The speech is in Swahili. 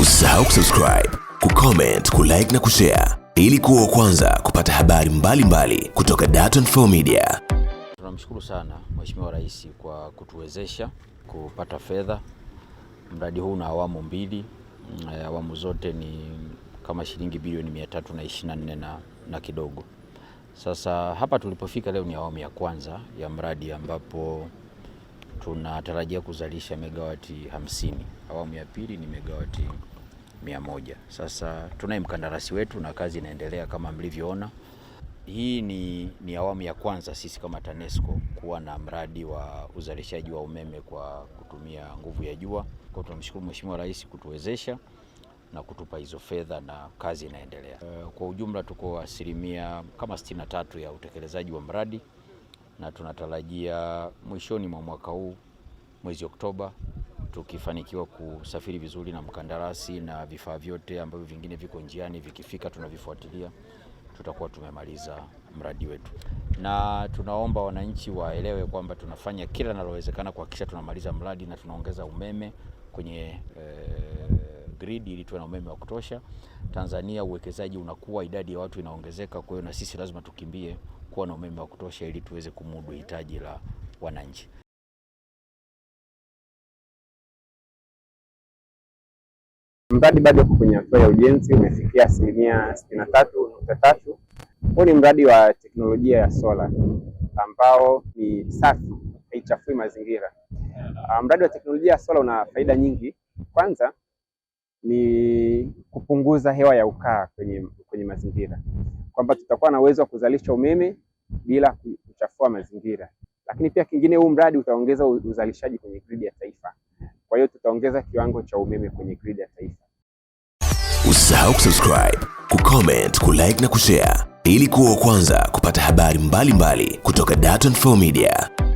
Usisahau kusubscribe, kucomment, kulike na kushare ili kuwa kwanza kupata habari mbalimbali mbali kutoka Dar24 Media. Tunamshukuru sana Mheshimiwa Rais kwa kutuwezesha kupata fedha. Mradi huu na awamu mbili, eh, awamu zote ni kama shilingi bilioni 324 na, na kidogo. Sasa hapa tulipofika leo ni awamu ya kwanza ya mradi ambapo tunatarajia kuzalisha megawati hamsini. Awamu ya pili ni megawati mia moja. Sasa tunaye mkandarasi wetu na kazi inaendelea kama mlivyoona. Hii ni, ni awamu ya kwanza sisi kama TANESCO kuwa na mradi wa uzalishaji wa umeme kwa kutumia nguvu ya jua. Kwa tunamshukuru Mheshimiwa Rais kutuwezesha na kutupa hizo fedha na kazi inaendelea. Eh, kwa ujumla tuko asilimia kama 63 ya utekelezaji wa mradi na tunatarajia mwishoni mwa mwaka huu mwezi Oktoba tukifanikiwa kusafiri vizuri na mkandarasi na vifaa vyote ambavyo vingine viko njiani, vikifika tunavifuatilia, tutakuwa tumemaliza mradi wetu, na tunaomba wananchi waelewe kwamba tunafanya kila linalowezekana kuhakikisha tunamaliza mradi na tunaongeza umeme kwenye e, eh, grid ili tuwe na umeme wa kutosha Tanzania. Uwekezaji unakuwa, idadi ya watu inaongezeka, kwa hiyo na sisi lazima tukimbie kuwa na umeme wa kutosha ili tuweze kumudu hitaji la wananchi. Mradi bado uko kwenye hatua ya ujenzi, umefikia asilimia sitini na tatu nukta tatu. Huu ni mradi wa teknolojia ya sola ambao ni safi, haichafui mazingira. Ah, mradi wa teknolojia ya sola una faida nyingi. Kwanza ni kupunguza hewa ya ukaa kwenye, kwenye mazingira kwamba tutakuwa na uwezo wa kuzalisha umeme bila kuchafua mazingira. Lakini pia kingine, huu mradi utaongeza uzalishaji kwenye gridi ya taifa, kwa hiyo tutaongeza kiwango cha umeme kwenye gridi ya taifa. Usisahau kusubscribe, kucomment, kulike na kushare ili kuwa wa kwanza kupata habari mbalimbali mbali kutoka Dar24 Media.